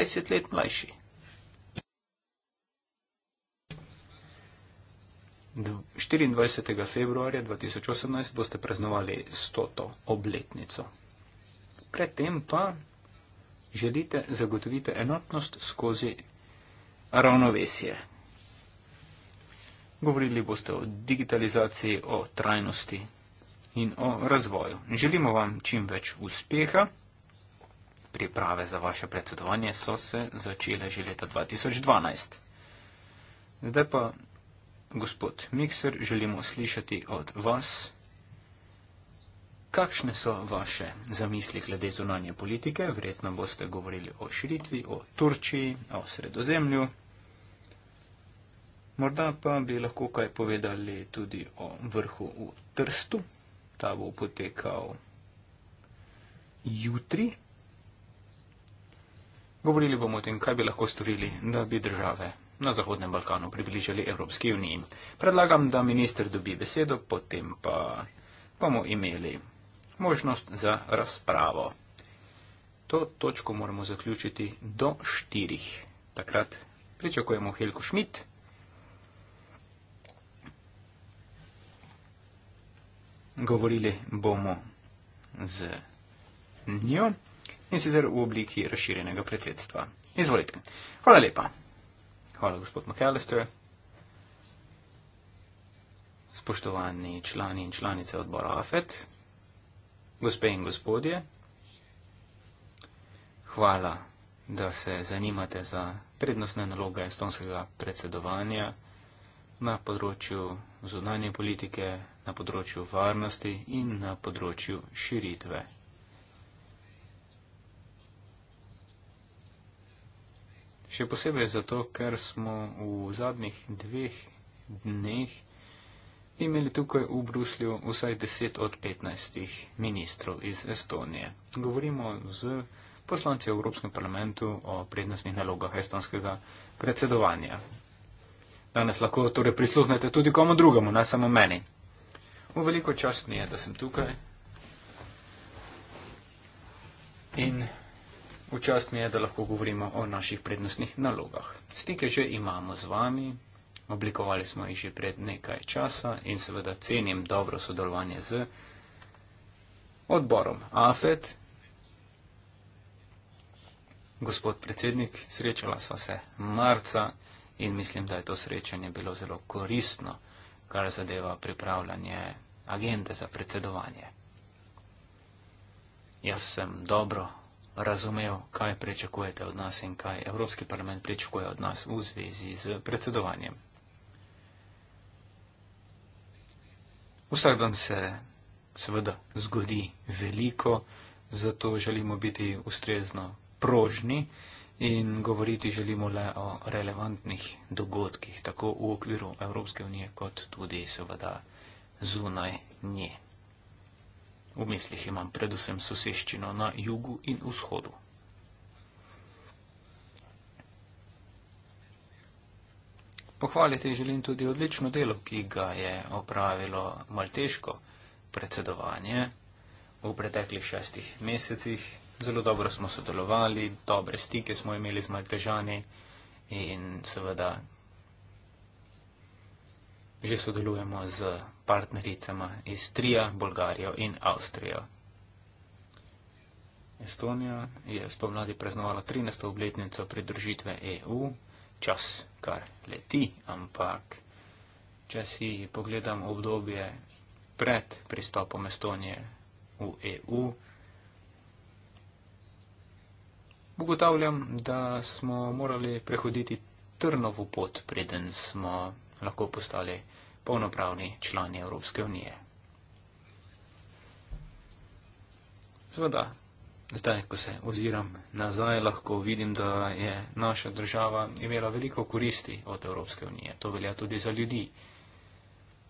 20 let mlajši. Do 24. februarja 2018 boste praznovali 100. obletnico. Predtem pa želite zagotoviti enotnost skozi ravnovesje. Govorili boste o digitalizaciji, o trajnosti in o razvoju. Želimo vam čim več uspeha priprave za vaše predsedovanje so se začele že leta 2012. Zdaj pa, gospod Mikser, želimo slišati od vas, kakšne so vaše zamisli glede zunanje politike. Verjetno boste govorili o širitvi, o Turčiji, o sredozemlju. Morda pa bi lahko kaj povedali tudi o vrhu v Trstu. Ta bo potekal jutri, Govorili bomo o tem, kaj bi lahko storili, da bi države na Zahodnem Balkanu približali Evropski uniji. Predlagam, da minister dobi besedo, potem pa bomo imeli možnost za razpravo. To točko moramo zaključiti do štirih. Takrat pričakujemo Helko Šmit. Govorili bomo z njo in sicer v obliki razširjenega predsedstva. Izvolite. Hvala lepa. Hvala, gospod McAllister. Spoštovani člani in članice odbora AFET, gospe in gospodje, hvala, da se zanimate za prednostne naloge estonskega predsedovanja na področju zunanje politike, na področju varnosti in na področju širitve še posebej zato, ker smo v zadnjih dveh dneh imeli tukaj v Bruslju vsaj 10 od 15 ministrov iz Estonije. Govorimo z poslanci v Evropskem parlamentu o prednostnih nalogah estonskega predsedovanja. Danes lahko torej prisluhnete tudi komu drugemu, ne samo meni. V veliko čast mi je, da sem tukaj. In Včas mi je, da lahko govorimo o naših prednostnih nalogah. Stike že imamo z vami, oblikovali smo jih že pred nekaj časa in seveda cenim dobro sodelovanje z odborom AFET. Gospod predsednik, srečala sva se marca in mislim, da je to srečanje bilo zelo koristno, kar zadeva pripravljanje agende za predsedovanje. Jaz sem dobro razumel, kaj prečakujete od nas in kaj Evropski parlament prečakuje od nas v zvezi z predsedovanjem. Vsak dan se seveda zgodi veliko, zato želimo biti ustrezno prožni in govoriti želimo le o relevantnih dogodkih, tako v okviru Evropske unije kot tudi seveda zunaj nje. V mislih imam predvsem soseščino na jugu in vzhodu. Pohvaliti želim tudi odlično delo, ki ga je opravilo malteško predsedovanje v preteklih šestih mesecih. Zelo dobro smo sodelovali, dobre stike smo imeli z maltežani in seveda že sodelujemo z partnericama iz Trija, Bolgarijo in Avstrijo. Estonija je spomladi preznovala 13. obletnico pridružitve EU, čas kar leti, ampak če si pogledam obdobje pred pristopom Estonije v EU, ugotavljam, da smo morali prehoditi trnovo pot, preden smo lahko postali polnopravni člani Evropske unije. Zveda, zdaj, ko se oziram nazaj, lahko vidim, da je naša država imela veliko koristi od Evropske unije. To velja tudi za ljudi.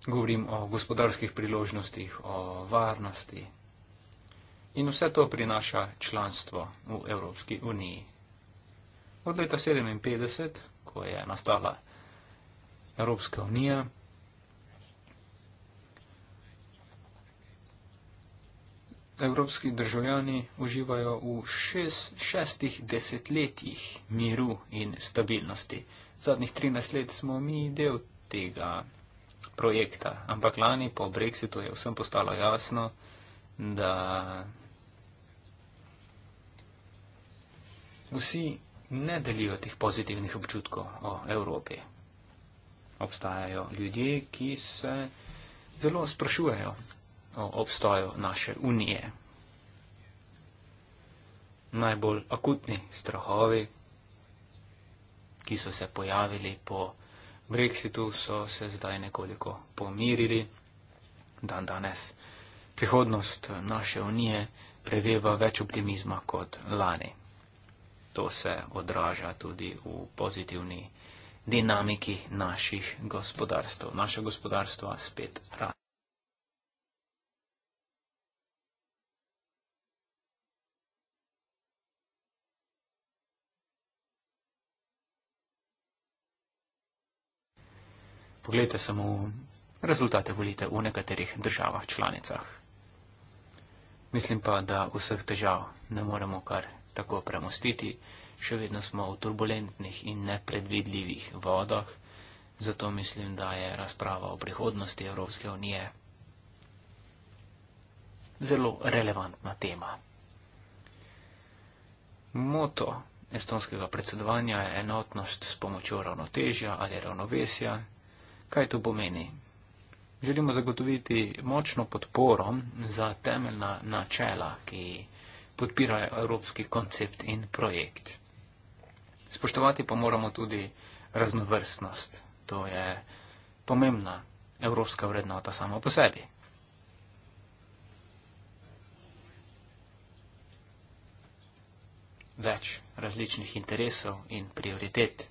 Govorim o gospodarskih priložnostih, o varnosti. In vse to prinaša članstvo v Evropski uniji. Od leta 1957, ko je nastala Evropska unija. Evropski državljani uživajo v šest, šestih desetletjih miru in stabilnosti. Zadnjih 13 let smo mi del tega projekta, ampak lani po Brexitu je vsem postalo jasno, da vsi ne delijo teh pozitivnih občutkov o Evropi obstajajo ljudje, ki se zelo sprašujejo o obstoju naše unije. Najbolj akutni strahovi, ki so se pojavili po Brexitu, so se zdaj nekoliko pomirili. Dan danes prihodnost naše unije preveva več optimizma kot lani. To se odraža tudi v pozitivni dinamiki naših gospodarstv. Naša gospodarstva spet rad. Poglejte samo rezultate volitev v nekaterih državah članicah. Mislim pa, da vseh težav ne moremo kar tako premostiti še vedno smo v turbulentnih in nepredvidljivih vodah, zato mislim, da je razprava o prihodnosti Evropske unije zelo relevantna tema. Moto estonskega predsedovanja je enotnost s pomočjo ravnotežja ali ravnovesja. Kaj to pomeni? Želimo zagotoviti močno podporo za temeljna načela, ki podpirajo evropski koncept in projekt. Spoštovati pa moramo tudi raznovrstnost. To je pomembna evropska vrednota samo po sebi. Več različnih interesov in prioritet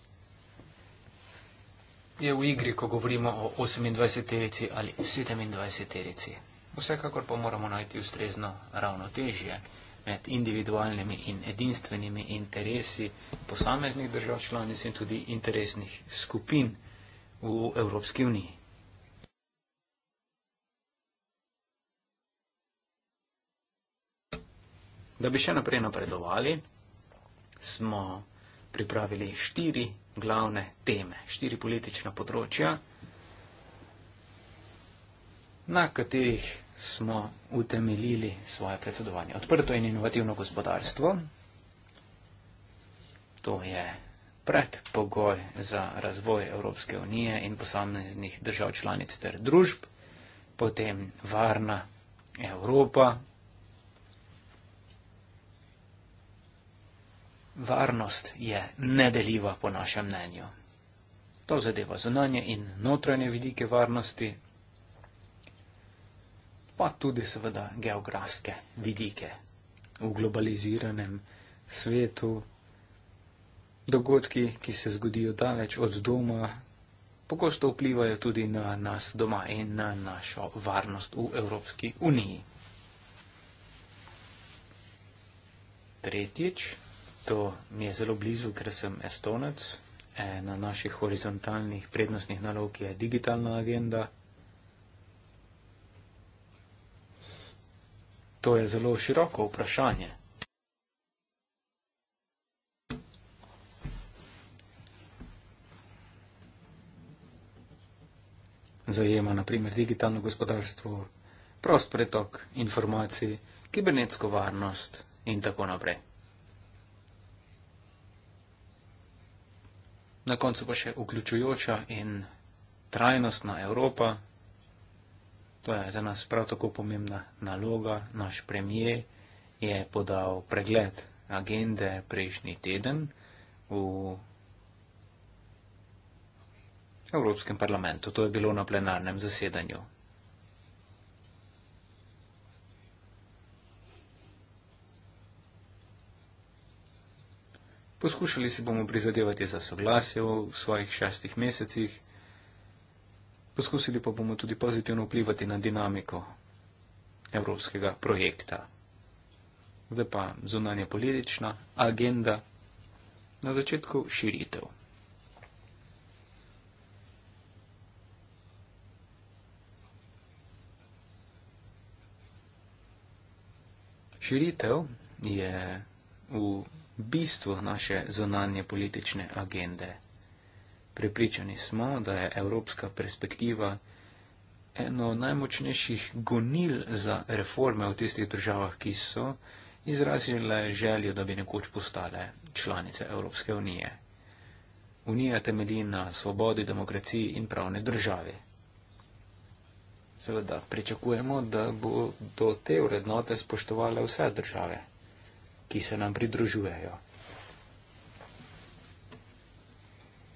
je v igri, ko govorimo o 28-terici ali 27-terici. Vsekakor pa moramo najti ustrezno ravnotežje med individualnimi in edinstvenimi interesi posameznih držav članic in tudi interesnih skupin v Evropski uniji. Da bi še naprej napredovali, smo pripravili štiri glavne teme, štiri politična področja, na katerih smo utemeljili svoje predsedovanje. Odprto in inovativno gospodarstvo, to je predpogoj za razvoj Evropske unije in posameznih držav članic ter družb, potem varna Evropa, Varnost je nedeljiva po našem mnenju. To zadeva zunanje in notranje vidike varnosti, pa tudi seveda geografske vidike. V globaliziranem svetu dogodki, ki se zgodijo daleč od doma, pogosto vplivajo tudi na nas doma in na našo varnost v Evropski uniji. Tretjič, to mi je zelo blizu, ker sem Estonec, na naših horizontalnih prednostnih nalog je digitalna agenda. To je zelo široko vprašanje. Zajema naprimer digitalno gospodarstvo, prost pretok informacij, kibernetsko varnost in tako naprej. Na koncu pa še vključujoča in trajnostna Evropa, To je za nas prav tako pomembna naloga. Naš premijer je podal pregled agende prejšnji teden v Evropskem parlamentu. To je bilo na plenarnem zasedanju. Poskušali si bomo prizadevati za soglasje v svojih šestih mesecih. Poskusili pa bomo tudi pozitivno vplivati na dinamiko evropskega projekta. Zdaj pa zunanje politična agenda na začetku širitev. Širitev je v bistvu naše zunanje politične agende. Pripričani smo, da je evropska perspektiva eno najmočnejših gonil za reforme v tistih državah, ki so izrazile željo, da bi nekoč postale članice Evropske unije. Unija temelji na svobodi, demokraciji in pravni državi. Seveda, pričakujemo, da bo do te vrednote spoštovale vse države, ki se nam pridružujejo.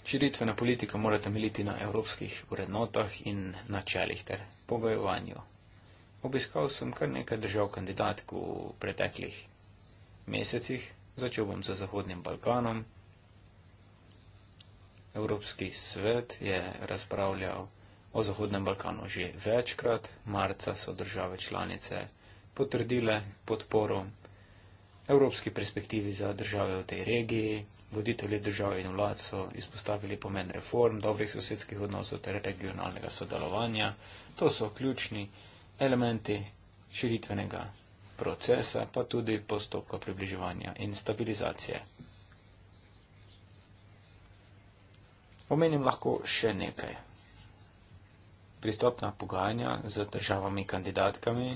Širitvena politika mora temeljiti na evropskih vrednotah in načelih ter pogojevanju. Obiskal sem kar nekaj držav kandidatk v preteklih mesecih, začel bom z za Zahodnim Balkanom. Evropski svet je razpravljal o Zahodnem Balkanu že večkrat, marca so države članice potrdile podporo evropski perspektivi za države v tej regiji. Voditelji države in vlad so izpostavili pomen reform, dobrih sosedskih odnosov ter regionalnega sodelovanja. To so ključni elementi širitvenega procesa, pa tudi postopka približevanja in stabilizacije. Omenim lahko še nekaj. Pristopna pogajanja z državami kandidatkami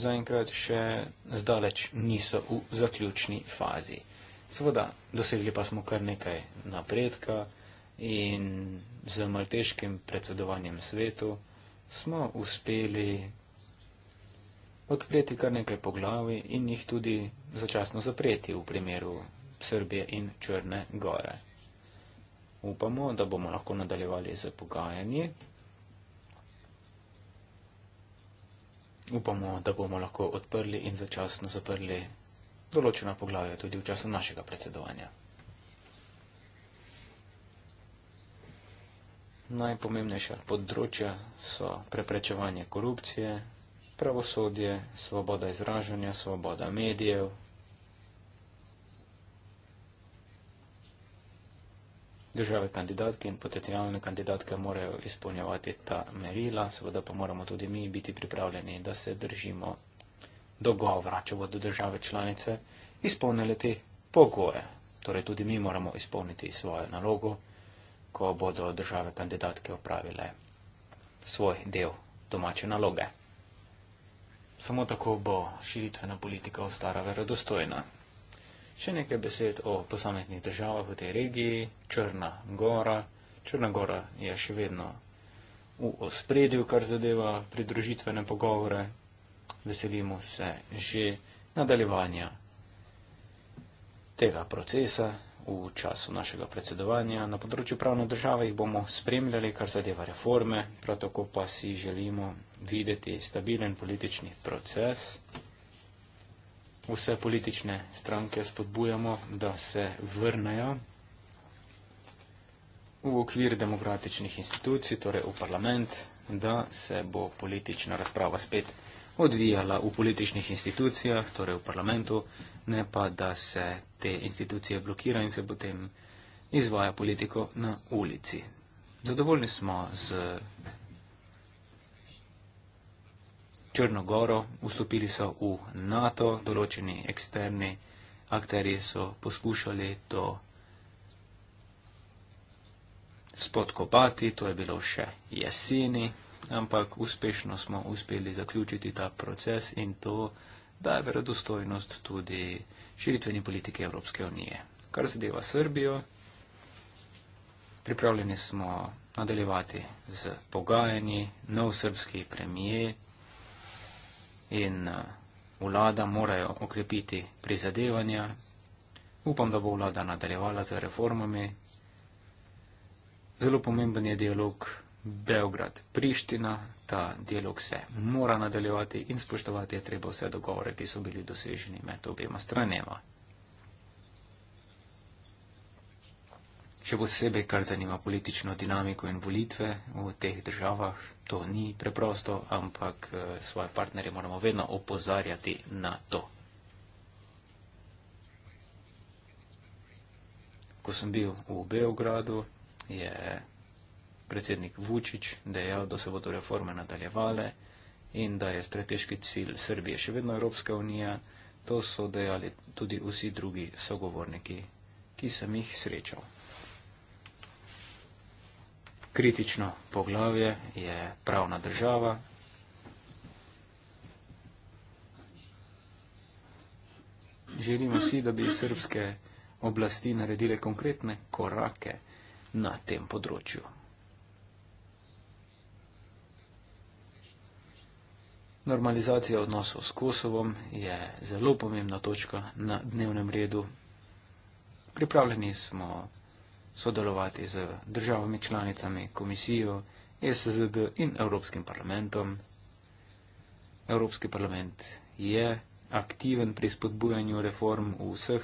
zaenkrat še zdaleč niso v zaključni fazi. Seveda, dosegli pa smo kar nekaj napredka in z malteškim predsedovanjem svetu smo uspeli odpreti kar nekaj poglavi in jih tudi začasno zapreti v primeru Srbije in Črne gore. Upamo, da bomo lahko nadaljevali z pogajanji. upamo, da bomo lahko odprli in začasno zaprli določena poglavja tudi v času našega predsedovanja. Najpomembnejša področja so preprečevanje korupcije, pravosodje, svoboda izražanja, svoboda medijev, države kandidatke in potencijalne kandidatke morajo izpolnjevati ta merila, seveda pa moramo tudi mi biti pripravljeni, da se držimo dogovora, če bodo države članice izpolnile te pogoje. Torej tudi mi moramo izpolniti svojo nalogo, ko bodo države kandidatke opravile svoj del domače naloge. Samo tako bo širitvena politika ostala verodostojna. Še nekaj besed o posameznih državah v tej regiji. Črna gora. Črna gora je še vedno v ospredju, kar zadeva pridružitvene pogovore. Veselimo se že nadaljevanja tega procesa. V času našega predsedovanja na področju pravne države jih bomo spremljali, kar zadeva reforme, prav tako pa si želimo videti stabilen politični proces vse politične stranke spodbujamo, da se vrnejo v okvir demokratičnih institucij, torej v parlament, da se bo politična razprava spet odvijala v političnih institucijah, torej v parlamentu, ne pa, da se te institucije blokira in se potem izvaja politiko na ulici. Zadovoljni smo z Črno goro, vstopili so v NATO, določeni eksterni akteri so poskušali to spodkopati, to je bilo še jeseni, ampak uspešno smo uspeli zaključiti ta proces in to daje verodostojnost tudi širitveni politike Evropske unije. Kar zadeva Srbijo, pripravljeni smo nadaljevati z pogajanji, nov srbski premijer in uh, vlada morajo okrepiti prizadevanja. Upam, da bo vlada nadaljevala z reformami. Zelo pomemben je dialog Beograd-Priština. Ta dialog se mora nadaljevati in spoštovati je treba vse dogovore, ki so bili doseženi med obema stranema. Še posebej, kar zanima politično dinamiko in volitve v teh državah, to ni preprosto, ampak eh, svoje partnerje moramo vedno opozarjati na to. Ko sem bil v Beogradu, je predsednik Vučić dejal, da se bodo reforme nadaljevale in da je strateški cilj Srbije še vedno Evropska unija. To so dejali tudi vsi drugi sogovorniki, ki sem jih srečal kritično poglavje je pravna država. Želimo si, da bi srpske oblasti naredile konkretne korake na tem področju. Normalizacija odnosov s Kosovom je zelo pomembna točka na dnevnem redu. Pripravljeni smo sodelovati z državami članicami, komisijo, ESZD in Evropskim parlamentom. Evropski parlament je aktiven pri spodbujanju reform v vseh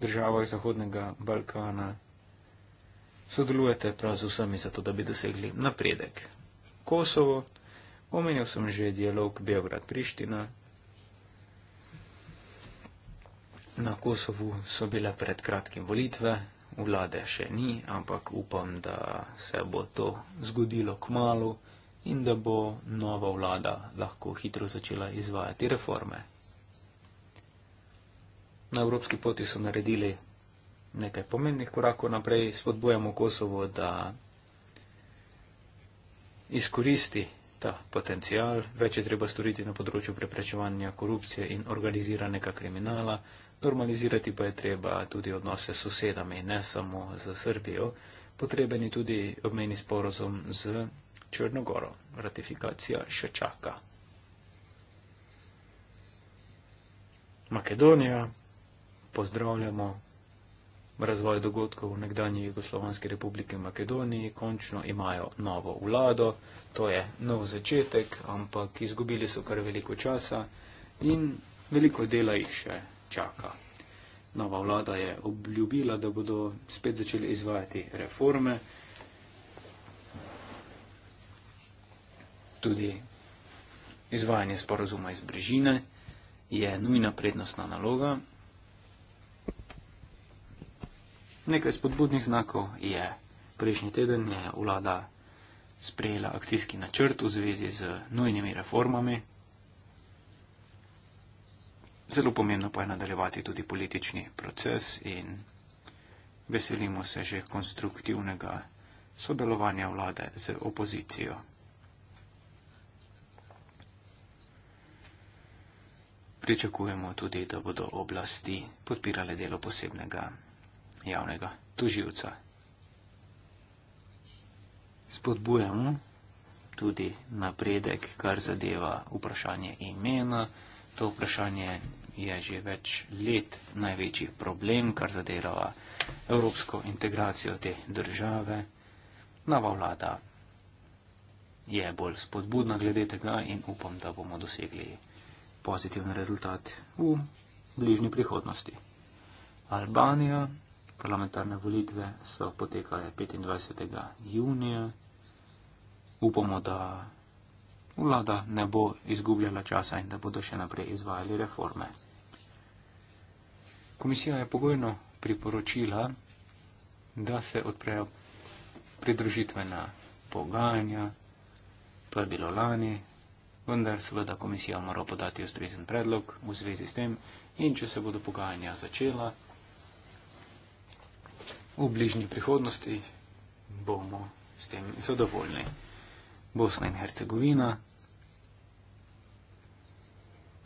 državah Zahodnega Balkana. Sodelujete prav z vsemi zato, da bi dosegli napredek. Kosovo, omenil sem že dialog Beograd-Priština. Na Kosovu so bile pred kratkim volitve, vlade še ni, ampak upam, da se bo to zgodilo k malu in da bo nova vlada lahko hitro začela izvajati reforme. Na evropski poti so naredili nekaj pomembnih korakov naprej, spodbujamo Kosovo, da izkoristi ta potencial, več je treba storiti na področju preprečevanja korupcije in organiziranega kriminala normalizirati pa je treba tudi odnose s sosedami, ne samo z Srbijo. Potreben je tudi obmeni sporozum z Črnogoro. Ratifikacija še čaka. Makedonija, pozdravljamo razvoj dogodkov v nekdanji Jugoslovanski republiki Makedoniji, končno imajo novo vlado, to je nov začetek, ampak izgubili so kar veliko časa in veliko dela jih še čaka. Nova vlada je obljubila, da bodo spet začeli izvajati reforme. Tudi izvajanje sporozuma iz bližine je nujna prednostna naloga. Nekaj spodbudnih znakov je. Prejšnji teden je vlada sprejela akcijski načrt v zvezi z nujnimi reformami, Zelo pomembno pa je nadaljevati tudi politični proces in veselimo se že konstruktivnega sodelovanja vlade z opozicijo. Pričakujemo tudi, da bodo oblasti podpirale delo posebnega javnega tuživca. Spodbujamo tudi napredek, kar zadeva vprašanje imena. To vprašanje je že več let največji problem, kar zadeva evropsko integracijo te države. Nova vlada je bolj spodbudna glede tega in upam, da bomo dosegli pozitiven rezultat v bližnji prihodnosti. Albanija, parlamentarne volitve so potekale 25. junija. Upamo, da vlada ne bo izgubljala časa in da bodo še naprej izvajali reforme. Komisija je pogojno priporočila, da se odprejo pridružitvena pogajanja, to je bilo lani, vendar seveda komisija mora podati ustrezen predlog v zvezi s tem in če se bodo pogajanja začela v bližnji prihodnosti, bomo s tem zadovoljni. Bosna in Hercegovina.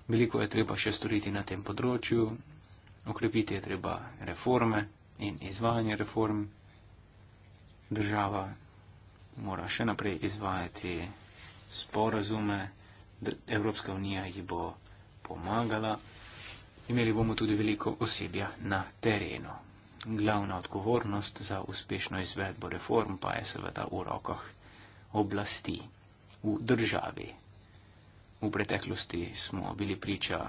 Veliko je treba še storiti na tem področju, Okrepiti je treba reforme in izvajanje reform. Država mora še naprej izvajati sporazume, Evropska unija ji bo pomagala. Imeli bomo tudi veliko osebja na terenu. Glavna odgovornost za uspešno izvedbo reform pa je seveda v rokah oblasti, v državi. V preteklosti smo bili priča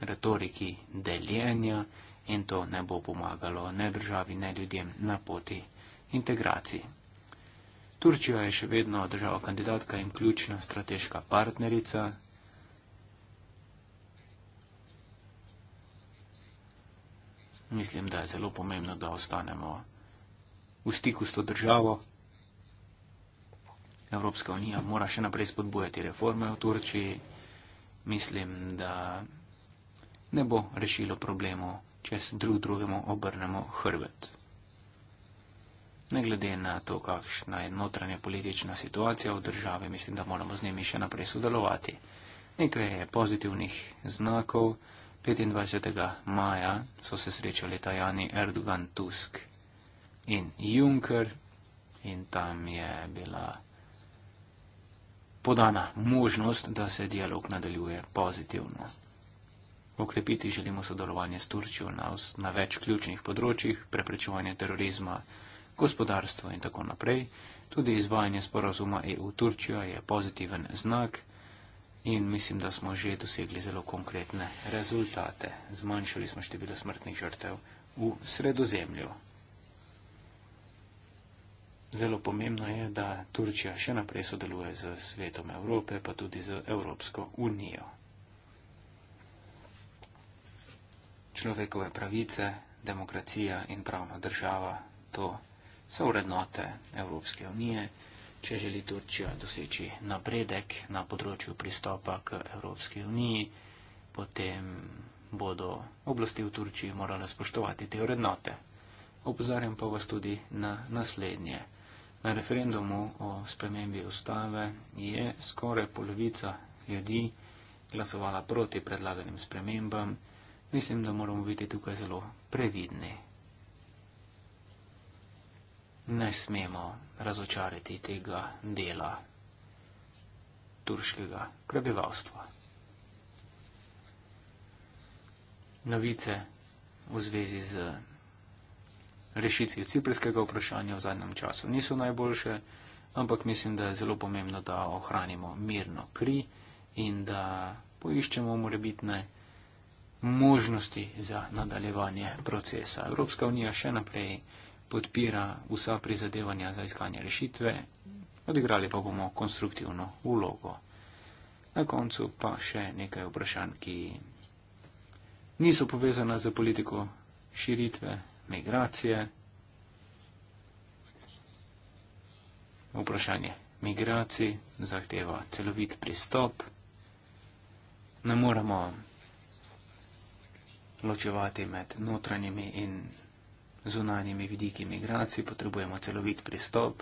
retoriki deljenja in to ne bo pomagalo ne državi, ne ljudem na poti integracije. Turčija je še vedno država kandidatka in ključna strateška partnerica. Mislim, da je zelo pomembno, da ostanemo v stiku s to državo. Evropska unija mora še naprej spodbujati reforme v Turčiji. Mislim, da ne bo rešilo problemov, če se drug drugemu obrnemo hrbet. Ne glede na to, kakšna je notranja politična situacija v državi, mislim, da moramo z njimi še naprej sodelovati. Nekaj je pozitivnih znakov. 25. maja so se srečali Tajani Erdogan Tusk in Juncker in tam je bila podana možnost, da se dialog nadaljuje pozitivno. Okrepiti želimo sodelovanje s Turčijo na, na več ključnih področjih, preprečevanje terorizma, gospodarstvo in tako naprej. Tudi izvajanje sporazuma EU-Turčija je pozitiven znak in mislim, da smo že dosegli zelo konkretne rezultate. Zmanjšali smo število smrtnih žrtev v sredozemlju. Zelo pomembno je, da Turčija še naprej sodeluje z svetom Evrope, pa tudi z Evropsko unijo. človekove pravice, demokracija in pravna država. To so vrednote Evropske unije, če želi Turčija doseči napredek na področju pristopa k Evropski uniji, potem bodo oblasti v Turčiji morale spoštovati te vrednote. Opozarjam pa vas tudi na naslednje. Na referendumu o spremembi ustave je skoraj polovica ljudi glasovala proti predlaganim spremembam. Mislim, da moramo biti tukaj zelo previdni. Ne smemo razočariti tega dela turškega prebivalstva. Novice v zvezi z rešitvijo ciprskega vprašanja v zadnjem času niso najboljše, ampak mislim, da je zelo pomembno, da ohranimo mirno kri in da poiščemo morebitne možnosti za nadaljevanje procesa. Evropska unija še naprej podpira vsa prizadevanja za iskanje rešitve, odigrali pa bomo konstruktivno ulogo. Na koncu pa še nekaj vprašanj, ki niso povezana z politiko širitve, migracije. Vprašanje migracij zahteva celovit pristop. Ne moramo ločevati med notranjimi in zunanjimi vidiki migracij, potrebujemo celovit pristop,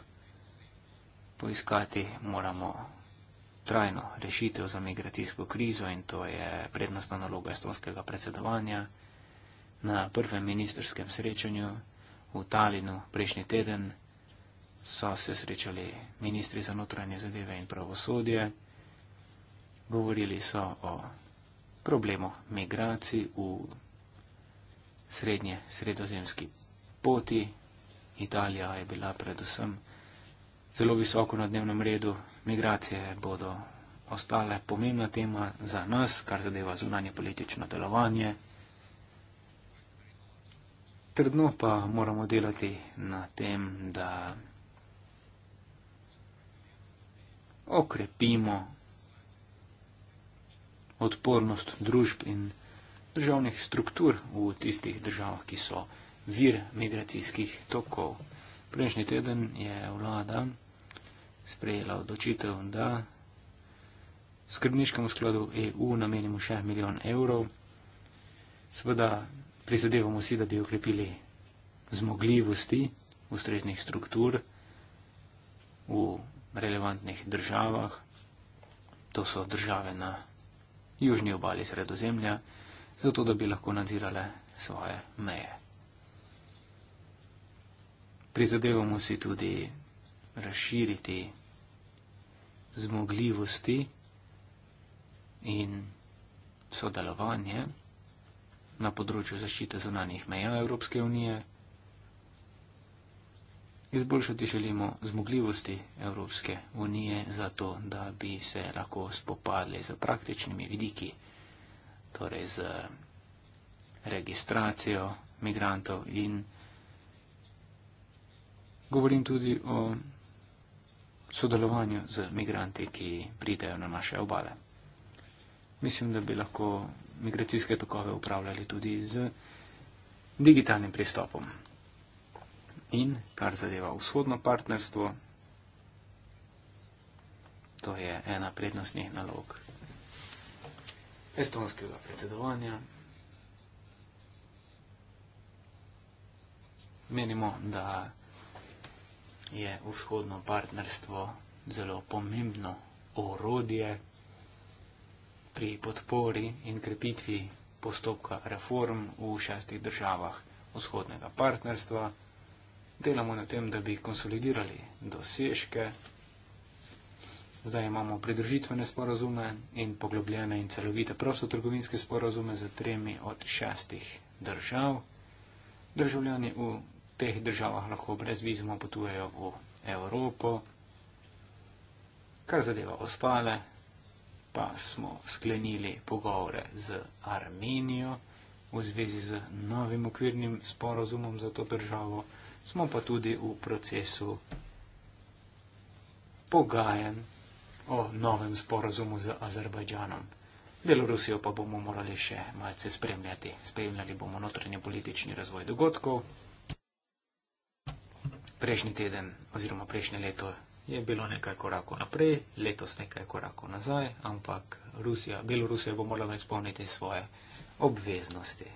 poiskati moramo trajno rešitev za migracijsko krizo in to je prednostna naloga estonskega predsedovanja. Na prvem ministerskem srečanju v Talinu prejšnji teden so se srečali ministri za notranje zadeve in pravosodje. Govorili so o problemu migracij v Talinu srednje sredozemski poti. Italija je bila predvsem zelo visoko na dnevnem redu, migracije bodo ostale pomembna tema za nas, kar zadeva zunanje politično delovanje. Trdno pa moramo delati na tem, da okrepimo odpornost družb in družb državnih struktur v tistih državah, ki so vir migracijskih tokov. Prejšnji teden je vlada sprejela odločitev, da skrbniškemu skladu EU namenimo še milijon evrov. Seveda prizadevamo si, da bi okrepili zmogljivosti ustreznih struktur v relevantnih državah. To so države na južni obali sredozemlja zato da bi lahko nadzirale svoje meje. Prizadevamo si tudi razširiti zmogljivosti in sodelovanje na področju zaščite zunanjih meja Evropske unije. Izboljšati želimo zmogljivosti Evropske unije za to, da bi se lahko spopadli z praktičnimi vidiki torej z eh, registracijo migrantov in govorim tudi o sodelovanju z migranti, ki pridejo na naše obale. Mislim, da bi lahko migracijske tokove upravljali tudi z digitalnim pristopom. In kar zadeva vzhodno partnerstvo, to je ena prednostnih nalog estonskega predsedovanja. Menimo, da je vzhodno partnerstvo zelo pomembno orodje pri podpori in krepitvi postopka reform v šestih državah vzhodnega partnerstva. Delamo na tem, da bi konsolidirali dosežke. Zdaj imamo pridružitvene sporozume in poglobljene in celovite prostotrgovinske sporozume za tremi od šestih držav. Državljani v teh državah lahko brez vizuma potujejo v Evropo. Kar zadeva ostale, pa smo sklenili pogovore z Armenijo v zvezi z novim okvirnim sporozumom za to državo, smo pa tudi v procesu pogajanj o novem sporazumu z Azerbajdžanom. Belorusijo pa bomo morali še malce spremljati. Spremljali bomo notranje politični razvoj dogodkov. Prejšnji teden oziroma prejšnje leto je bilo nekaj korakov naprej, letos nekaj korakov nazaj, ampak Rusija, Belorusija bo morala izpolniti svoje obveznosti.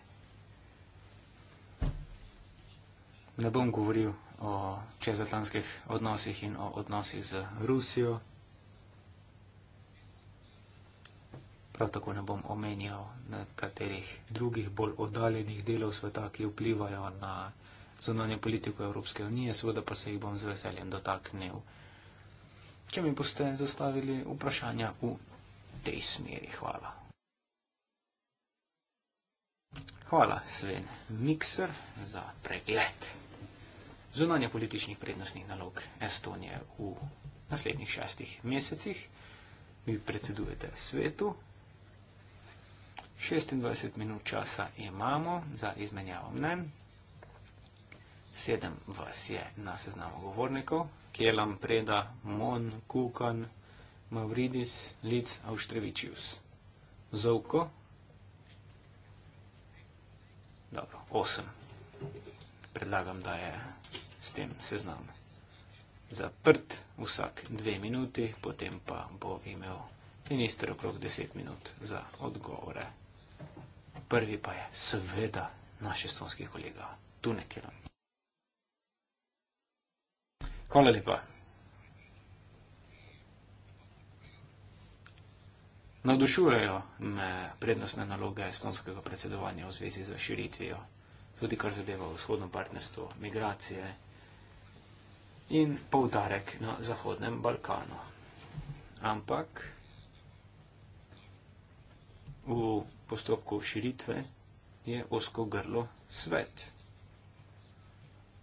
Ne bom govoril o čezatlanskih odnosih in o odnosih z Rusijo. prav tako ne bom omenjal nekaterih drugih bolj oddaljenih delov sveta, ki vplivajo na zunanje politiko Evropske unije, seveda pa se jih bom z veseljem dotaknil, če mi boste zastavili vprašanja v tej smeri. Hvala. Hvala, Sven Mikser, za pregled zunanje političnih prednostnih nalog Estonije v naslednjih šestih mesecih. Vi predsedujete svetu, 26 minut časa imamo za izmenjavo mnen. Sedem vas je na seznamu govornikov. Kjelam preda Mon, Kukan, Mavridis, Lic, Auštrevičius. Zovko. Dobro, osem. Predlagam, da je s tem seznam zaprt vsak dve minuti, potem pa bo imel minister okrog deset minut za odgovore prvi pa je seveda naš estonski kolega Tune Kelon. Hvala lepa. Navdušujejo me prednostne naloge estonskega predsedovanja v zvezi z širitvijo, tudi kar zadeva vzhodno partnerstvo, migracije in poudarek na Zahodnem Balkanu. Ampak v postopkov širitve je osko grlo svet.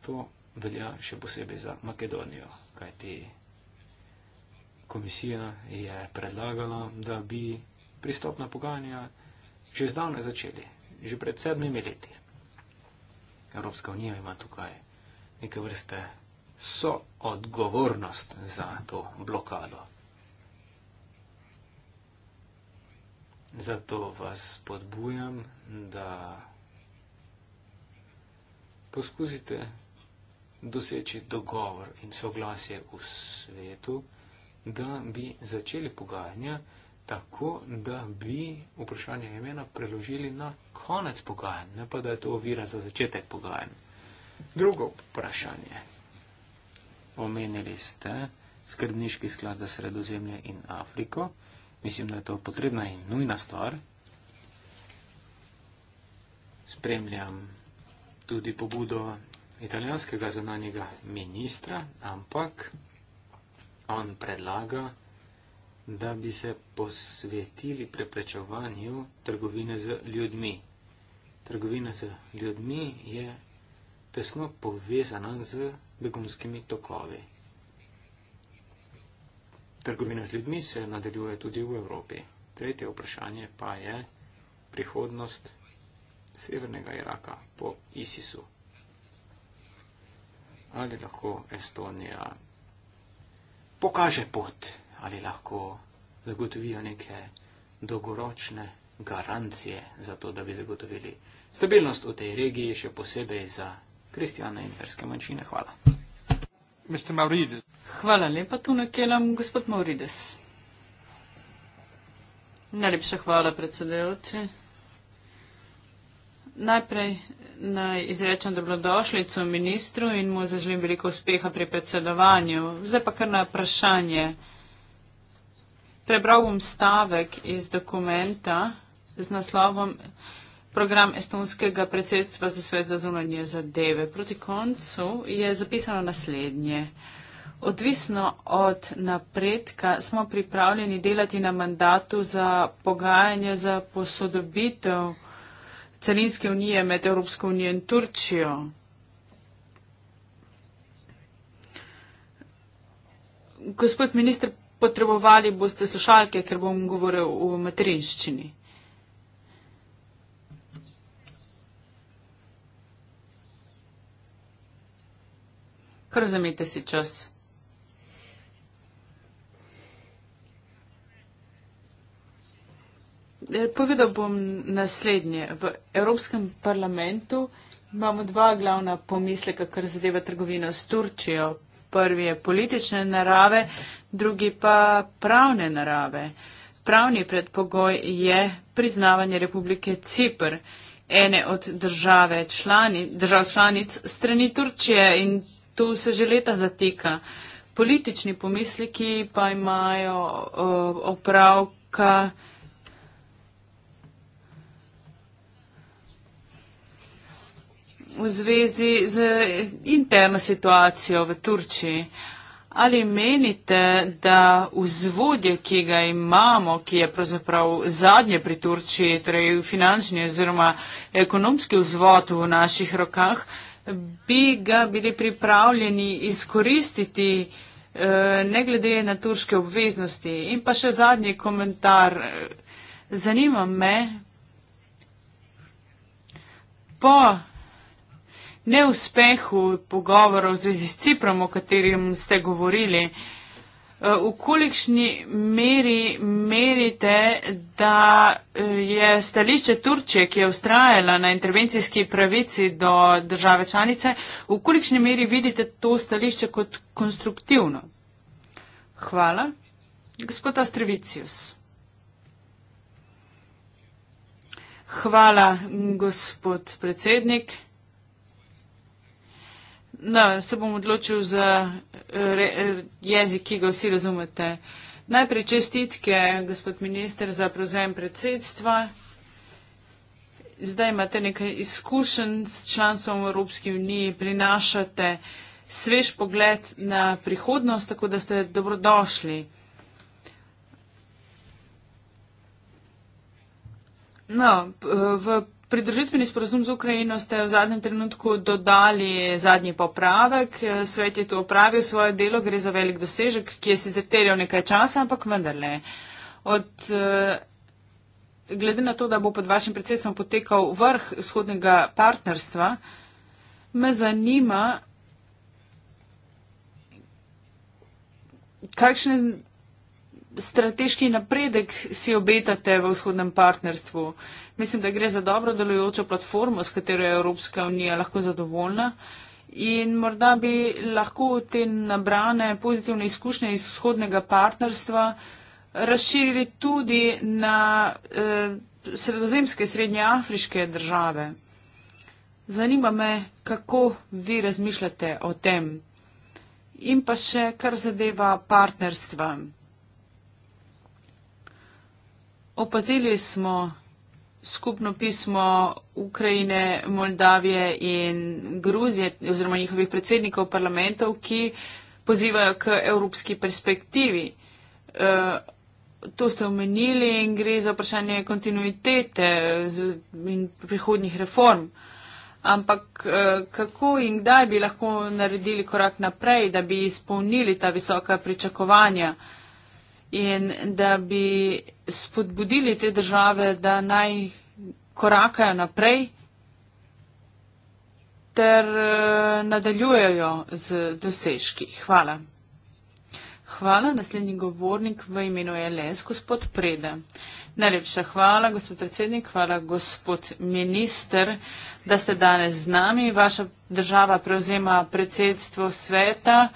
To velja še posebej za Makedonijo, kajti komisija je predlagala, da bi pristopna pogajanja že zdavne začeli, že pred sedmimi leti. Evropska unija ima tukaj neke vrste soodgovornost za to blokado. Zato vas spodbujam, da poskusite doseči dogovor in soglasje v svetu, da bi začeli pogajanja tako, da bi vprašanje imena preložili na konec pogajanja, ne pa da je to ovira za začetek pogajanja. Drugo vprašanje. Omenili ste skrbniški sklad za sredozemlje in Afriko. Mislim, da je to potrebna in nujna stvar. Spremljam tudi pobudo italijanskega zunanjega ministra, ampak on predlaga, da bi se posvetili preprečevanju trgovine z ljudmi. Trgovina z ljudmi je tesno povezana z begunskimi tokovi. Trgovina z ljudmi se nadaljuje tudi v Evropi. Tretje vprašanje pa je prihodnost severnega Iraka po ISIS-u. Ali lahko Estonija pokaže pot, ali lahko zagotovijo neke dolgoročne garancije za to, da bi zagotovili stabilnost v tej regiji, še posebej za kristijane in perske manjšine. Hvala. Mr. Maurides. Hvala lepa, Tuna Kelam. Gospod Maurides. Najlepša hvala, predsedajoče. Najprej naj izrečem dobrodošlico ministru in mu zaželim veliko uspeha pri predsedovanju. Zdaj pa kar na vprašanje. Prebral bom stavek iz dokumenta z naslovom Program estonskega predsedstva za svet za zunanje zadeve. Proti koncu je zapisano naslednje. Odvisno od napredka smo pripravljeni delati na mandatu za pogajanje za posodobitev carinske unije med Evropsko unijo in Turčijo. Gospod minister, potrebovali boste slušalke, ker bom govoril v materinščini. Kar vzemite si čas. Eh, povedal bom naslednje. V Evropskem parlamentu imamo dva glavna pomisleka, kar zadeva trgovino s Turčijo. Prvi je politične narave, drugi pa pravne narave. Pravni predpogoj je priznavanje Republike Cipr, ene od države člani, držav članic strani Turčije in tu se že leta zateka. Politični pomisliki pa imajo uh, opravka. V zvezi z interno situacijo v Turčiji, ali menite, da vzvodje, ki ga imamo, ki je pravzaprav zadnje pri Turčiji, torej finančni oziroma ekonomski vzvod v naših rokah, bi ga bili pripravljeni izkoristiti, eh, ne glede na turške obveznosti. In pa še zadnji komentar. Zanima me, po neuspehu pogovorov v zvezi s Ciprom, o katerem ste govorili, Eh, v kolikšni meri merite, da eh, je stališče Turčije, ki je ustrajala na intervencijski pravici do države članice, v kolikšni meri vidite to stališče kot konstruktivno? Hvala. Gospod Astrevicius. Hvala, gospod predsednik. No, se bom odločil za eh, re, eh, jezik, ki ga vsi razumete. Najprej čestitke, gospod minister, za prevzem predsedstva. Zdaj imate nekaj izkušenj s članstvom v Evropski uniji, prinašate svež pogled na prihodnost, tako da ste dobrodošli. No, v Pridružitveni sporozum z Ukrajino ste v zadnjem trenutku dodali zadnji popravek. Svet je tu opravil svoje delo, gre za velik dosežek, ki je si zaterjal nekaj časa, ampak vendarle. Od, eh, glede na to, da bo pod vašim predsedstvom potekal vrh vzhodnega partnerstva, me zanima, kakšne strateški napredek si obetate v vzhodnem partnerstvu? Mislim, da gre za dobro delujočo platformo, s katero je Evropska unija lahko zadovoljna. In morda bi lahko te nabrane pozitivne izkušnje iz vzhodnega partnerstva razširili tudi na eh, sredozemske, srednjeafriške države. Zanima me, kako vi razmišljate o tem. In pa še, kar zadeva partnerstva. Opazili smo skupno pismo Ukrajine, Moldavije in Gruzije oziroma njihovih predsednikov parlamentov, ki pozivajo k evropski perspektivi. Eh, to ste omenili in gre za vprašanje kontinuitete in prihodnjih reform. Ampak eh, kako in kdaj bi lahko naredili korak naprej, da bi izpolnili ta visoka pričakovanja? in da bi spodbudili te države, da naj korakajo naprej ter eh, nadaljujejo z dosežki. Hvala. Hvala. Naslednji govornik v imenu je LS, gospod Preda. Najlepša hvala, gospod predsednik, hvala, gospod minister, da ste danes z nami. Vaša država prevzema predsedstvo sveta.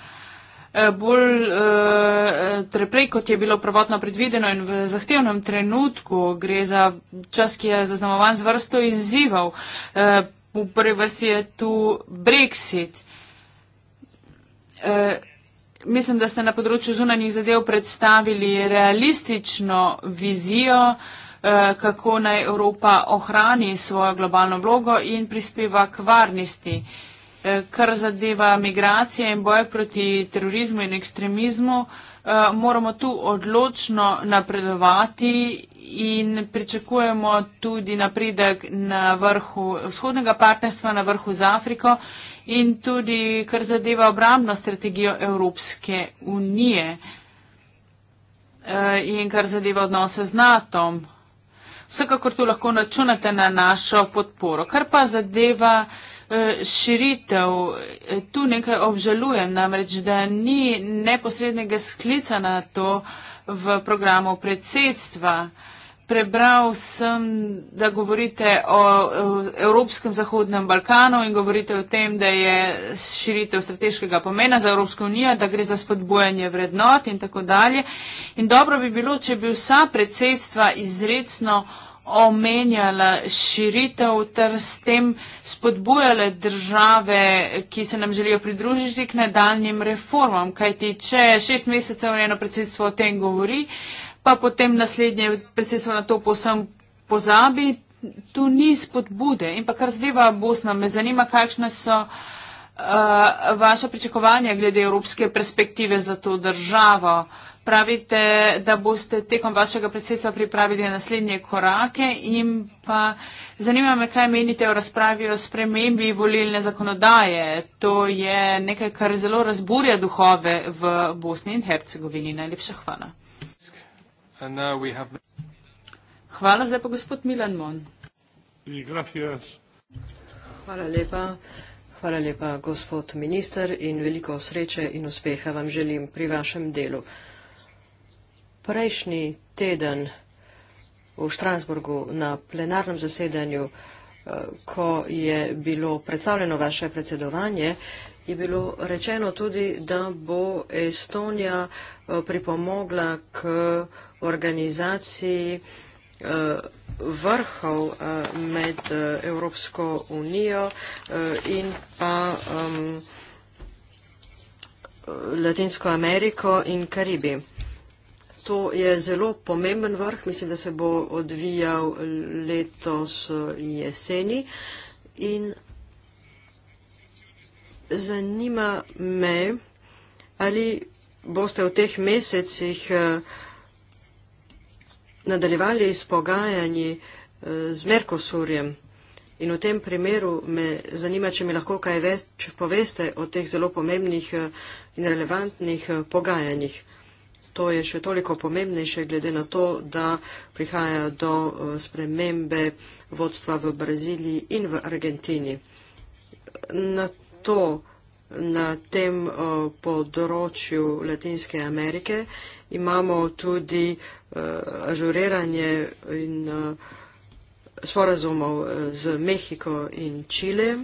Eh, bolj eh, treprej, kot je bilo prvotno predvideno in v zahtevnem trenutku. Gre za čas, ki je zaznamovan z vrsto izzivov. Eh, v prvi vrsti je tu Brexit. Mislim, da ste na področju zunanjih zadev predstavili realistično vizijo, kako naj Evropa ohrani svojo globalno vlogo in prispeva k varnosti. Eh, kar zadeva migracije in boje proti terorizmu in ekstremizmu, eh, moramo tu odločno napredovati in pričakujemo tudi napredek na vrhu vzhodnega partnerstva, na vrhu z Afriko in tudi kar zadeva obrambno strategijo Evropske unije eh, in kar zadeva odnose z NATO. Vsekakor tu lahko načunate na našo podporo. Kar pa zadeva uh, Eh, širitev. Eh, tu nekaj obžalujem, namreč, da ni neposrednega sklica na to v programu predsedstva. Prebral sem, da govorite o Evropskem zahodnem Balkanu in govorite o tem, da je širitev strateškega pomena za Evropsko unijo, da gre za spodbojanje vrednot in tako dalje. In dobro bi bilo, če bi vsa predsedstva izredno omenjala širitev ter s tem spodbujale države, ki se nam želijo pridružiti k nadaljnim reformam. Kajti, če šest mesecev eno predsedstvo o tem govori, pa potem naslednje predsedstvo na to posem pozabi, tu ni spodbude. In pa kar zdeva Bosna, me zanima, kakšne so. Uh, Eh, vaše pričakovanje glede evropske perspektive za to državo. Pravite, da boste tekom vašega predsedstva pripravili naslednje korake in pa zanima me, kaj menite o razpravi o spremembi volilne zakonodaje. To je nekaj, kar zelo razburja duhove v Bosni in Hercegovini. Najlepša hvala. Hvala zdaj pa gospod Milan Mon. Hvala lepa. Hvala lepa, gospod minister, in veliko sreče in uspeha vam želim pri vašem delu. Prejšnji teden v Štransburgu na plenarnem zasedanju, eh, ko je bilo predstavljeno vaše predsedovanje, je bilo rečeno tudi, da bo Estonija eh, pripomogla k organizaciji Eh, vrhov eh, med eh, Evropsko unijo in pa Latinsko Ameriko in Karibi. To je zelo pomemben vrh, mislim, da se bo odvijal letos jeseni. In zanima me, ali boste v teh mesecih uh, nadaljevali s pogajanji eh, z Merkosurjem. In v tem primeru me zanima, če mi lahko kaj več poveste o teh zelo pomembnih eh, in relevantnih eh, pogajanjih. To je še toliko pomembnejše, glede na to, da prihaja do spremembe vodstva v Braziliji in v Argentini. Na to, na tem eh, področju Latinske Amerike. Imamo tudi eh, ažuriranje in eh, sporazumov z Mehiko in Čile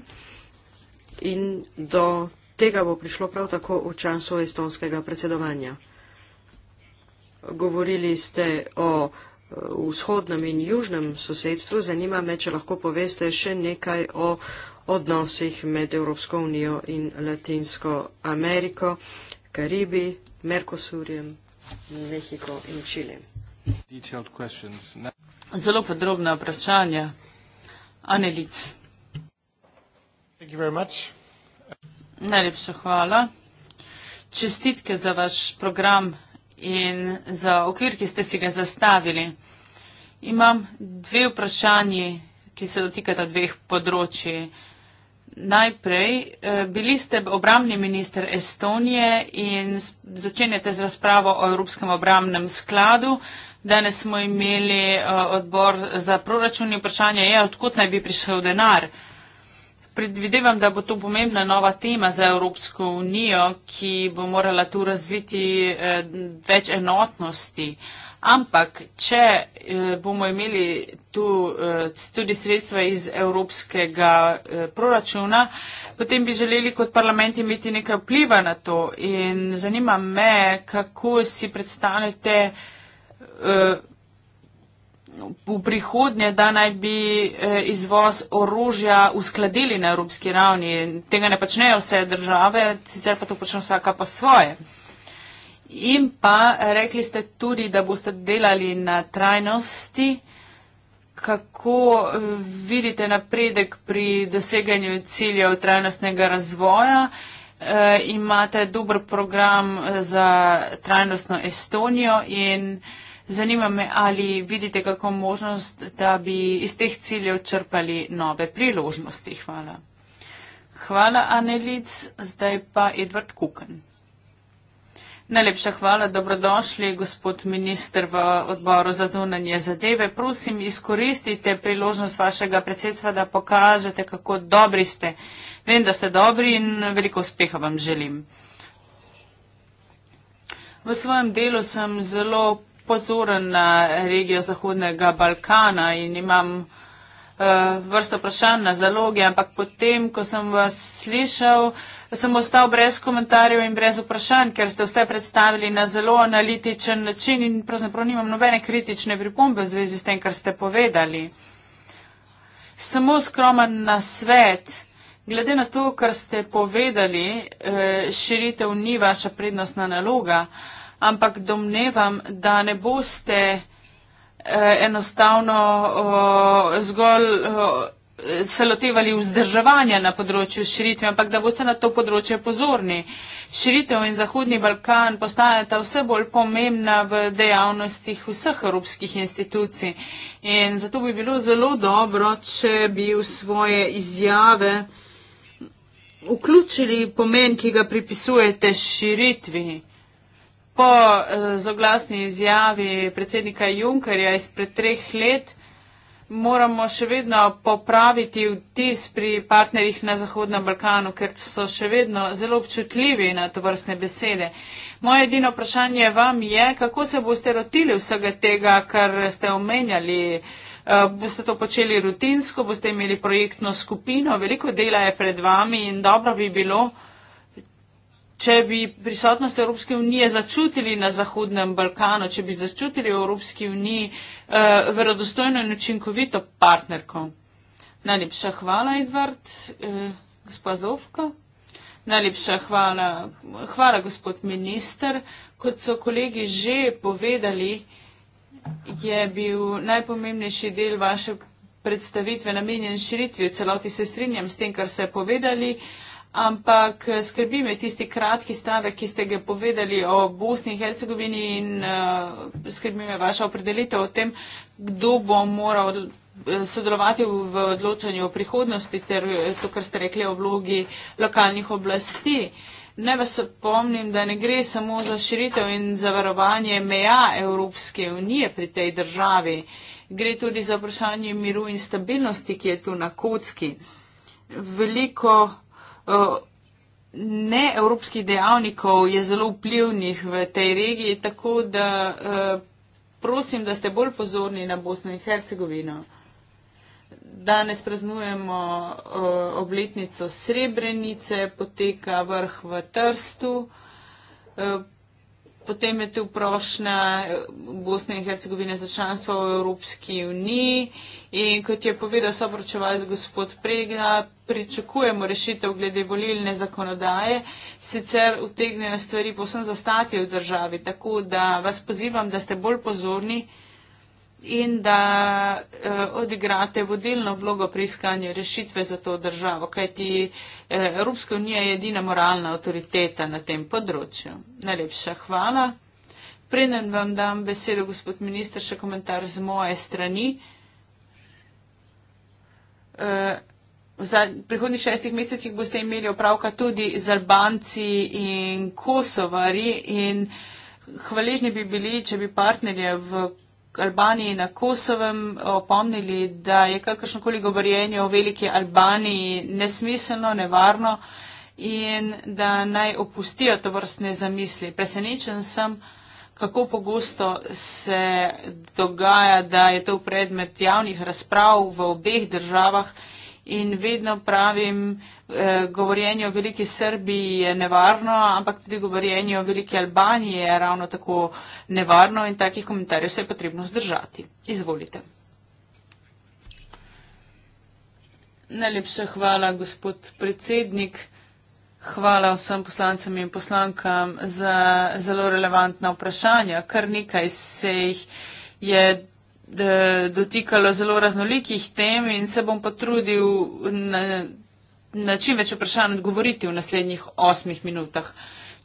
in do tega bo prišlo prav tako v času estonskega predsedovanja. Govorili ste o vzhodnem in južnem sosedstvu, zanima me, če lahko poveste še nekaj o odnosih med Evropsko unijo in Latinsko Ameriko, Karibi, Merkosurjem, Mehiko in Čile. Zelo podrobna vprašanja. Anelic. Najlepša hvala. Čestitke za vaš program in za okvir, ki ste si ga zastavili. Imam dve vprašanje, ki se dotikata dveh področji. Najprej, eh, bili ste obramni minister Estonije in začenjate z razpravo o Evropskem obramnem skladu. Danes smo imeli eh, odbor za proračun in vprašanje je, ja, odkot naj bi prišel denar. Predvidevam, da bo to pomembna nova tema za Evropsko unijo, ki bo morala tu razviti eh, več enotnosti. Ampak, če eh, bomo imeli tu eh, tudi sredstva iz evropskega eh, proračuna, potem bi želeli kot parlament imeti nekaj vpliva na to. In zanima me, kako si predstavljate v prihodnje, da naj bi izvoz orožja uskladili na evropski ravni. Tega ne počnejo vse države, sicer pa to počne vsaka po svoje. In pa rekli ste tudi, da boste delali na trajnosti. Kako eh, vidite napredek pri doseganju ciljev trajnostnega razvoja? E, imate dober program eh, za trajnostno Estonijo in zanima me, ali vidite kako možnost, da bi iz teh ciljev črpali nove priložnosti. Hvala. Hvala, Anelic. Zdaj pa Edvard Kuken. Najlepša hvala, dobrodošli, gospod minister v odboru za zunanje zadeve. Prosim, izkoristite priložnost vašega predsedstva, da pokažete, kako dobri ste. Vem, da ste dobri in veliko uspeha vam želim. V svojem delu sem zelo pozoren na regijo Zahodnega Balkana in imam. Eh, vrsto vprašanj na zaloge, ampak potem, ko sem vas slišal, sem ostal brez komentarjev in brez vprašanj, ker ste vse predstavili na zelo analitičen način in pravzaprav nimam nobene kritične pripombe v zvezi s tem, kar ste povedali. Samo skromen nasvet. Glede na to, kar ste povedali, eh, širitev ni vaša prednostna naloga, ampak domnevam, da ne boste Eh, enostavno zgolj se lotevali vzdrževanja na področju širitve, ampak da boste na to področje pozorni. Širitev in Zahodni Balkan postajata vse bolj pomembna v dejavnostih vseh evropskih institucij. In zato bi bilo zelo dobro, če bi v svoje izjave vključili pomen, ki ga pripisujete širitvi po eh, zloglasni izjavi predsednika Junkerja izpred treh let moramo še vedno popraviti vtis pri partnerjih na Zahodnem Balkanu, ker so še vedno zelo občutljivi na to vrstne besede. Moje edino vprašanje vam je, kako se boste rotili vsega tega, kar ste omenjali. Eh, boste to počeli rutinsko, boste imeli projektno skupino, veliko dela je pred vami in dobro bi bilo, Če bi prisotnost Evropske unije začutili na Zahodnem Balkanu, če bi začutili Evropski uniji eh, verodostojno in učinkovito partnerko. Najlepša hvala, Edvard, eh, gospod Zovka. Najlepša hvala, hvala, gospod minister. Kot so kolegi že povedali, je bil najpomembnejši del vaše predstavitve namenjen širitvi. V celoti se strinjam s tem, kar ste povedali. Eh, ampak eh, skrbi me tisti kratki stavek, ki ste ga povedali o Bosni in Hercegovini in uh, skrbi me vaša opredelitev o tem, kdo bo moral eh, sodelovati v odločanju o prihodnosti ter to, kar ste rekli o vlogi lokalnih oblasti. Ne vas pomnim, da ne gre samo za širitev in zavarovanje meja Evropske unije pri tej državi. Gre tudi za vprašanje miru in stabilnosti, ki je tu na kocki. Veliko neevropskih dejavnikov je zelo vplivnih v tej regiji, tako da e, prosim, da ste bolj pozorni na Bosno in Hercegovino. Danes praznujemo e, obletnico Srebrenice, poteka vrh v Trstu. E, potem je tu prošnja eh, Bosne in Hercegovine za članstvo v Evropski uniji in kot je povedal sopročevalec gospod Pregna, pričakujemo rešitev glede volilne zakonodaje, sicer utegnejo stvari posem zastati v državi, tako da vas pozivam, da ste bolj pozorni in da eh, odigrate vodilno vlogo pri iskanju rešitve za to državo, kajti eh, Evropska unija je edina moralna autoriteta na tem področju. Najlepša hvala. Preden vam dam besedo, gospod minister, še komentar z moje strani. Eh, v prihodnjih šestih mesecih boste imeli opravka tudi z Albanci in Kosovari in hvaležni bi bili, če bi partnerje v Albaniji na Kosovem opomnili, da je kakršnokoli govorjenje o veliki Albaniji nesmiselno, nevarno in da naj opustijo to vrstne zamisli. Presenečen sem, kako pogosto se dogaja, da je to predmet javnih razprav v obeh državah in vedno pravim, eh, govorjenje o veliki Srbiji je nevarno, ampak tudi govorjenje o veliki Albaniji je ravno tako nevarno in takih komentarjev se je potrebno zdržati. Izvolite. Najlepša hvala, gospod predsednik. Hvala vsem poslancem in poslankam za zelo relevantna vprašanja. Kar nekaj se jih je dotikalo zelo raznolikih tem in se bom pa trudil na, na čim več vprašanj odgovoriti v naslednjih osmih minutah.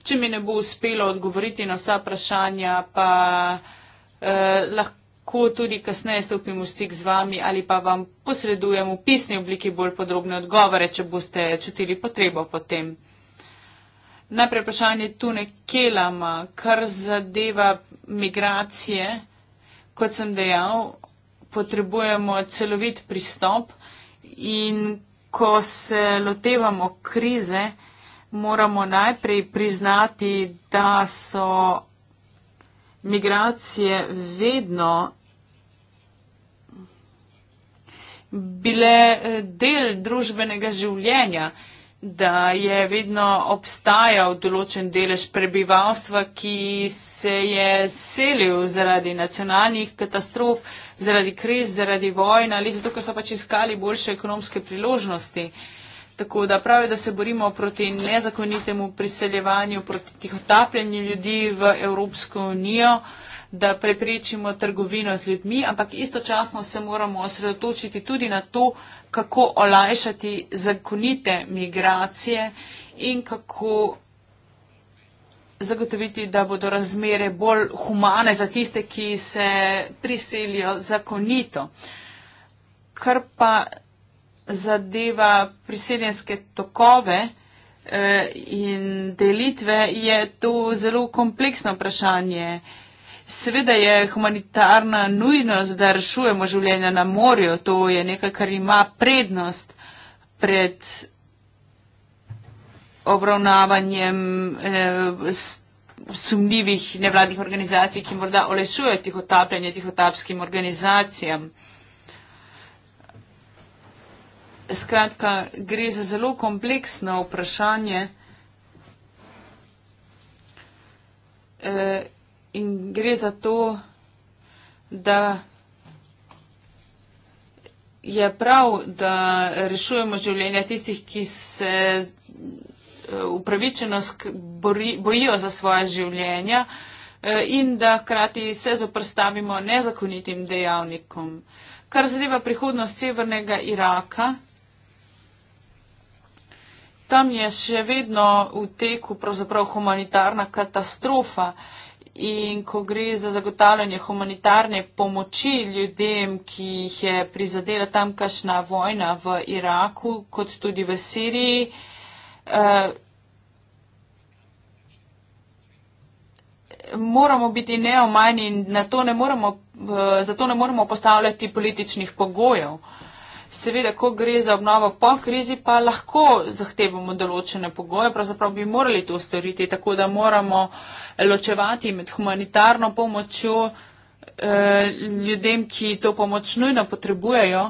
Če mi ne bo uspelo odgovoriti na vsa vprašanja, pa eh, lahko tudi kasneje stopim v stik z vami ali pa vam posredujem v pisni obliki bolj podrobne odgovore, če boste čutili potrebo potem. Najprej vprašanje tu ne kelama, kar zadeva migracije kot sem dejal, potrebujemo celovit pristop in ko se lotevamo krize, moramo najprej priznati, da so migracije vedno bile eh, del družbenega življenja da je vedno obstajal določen delež prebivalstva, ki se je selil zaradi nacionalnih katastrof, zaradi kriz, zaradi vojn ali zato, ker so pač iskali boljše ekonomske priložnosti. Tako da pravi, da se borimo proti nezakonitemu priseljevanju, proti tih otapljanju ljudi v Evropsko unijo. Uh, da preprečimo trgovino z ljudmi, ampak istočasno se moramo osredotočiti tudi na to, kako olajšati zakonite migracije in kako zagotoviti, da bodo razmere bolj humane za tiste, ki se priselijo zakonito. Kar pa zadeva priseljenske tokove eh, in delitve, je to zelo kompleksno vprašanje. Seveda je humanitarna nujnost, da rešujemo življenja na morju. To je nekaj, kar ima prednost pred obravnavanjem eh, sumljivih nevladnih organizacij, ki morda olešujejo tih otapljanje tih otapskim organizacijam. Skratka, gre za zelo kompleksno vprašanje. Eh, in gre za to, da je prav, da rešujemo življenja tistih, ki se eh, upravičeno bojijo za svoje življenja eh, in da hkrati se zoprstavimo nezakonitim dejavnikom. Kar zadeva prihodnost severnega Iraka, tam je še vedno v teku pravzaprav humanitarna katastrofa in ko gre za zagotavljanje humanitarne pomoči ljudem, ki jih je prizadela tamkašna vojna v Iraku, kot tudi v Siriji, eh, moramo biti neomajni in na to ne moremo, eh, zato ne moremo postavljati političnih pogojev. Seveda, ko gre za obnovo po krizi, pa lahko zahtevamo določene pogoje, pravzaprav bi morali to storiti, tako da moramo ločevati med humanitarno pomočjo eh, ljudem, ki to pomoč nujno potrebujejo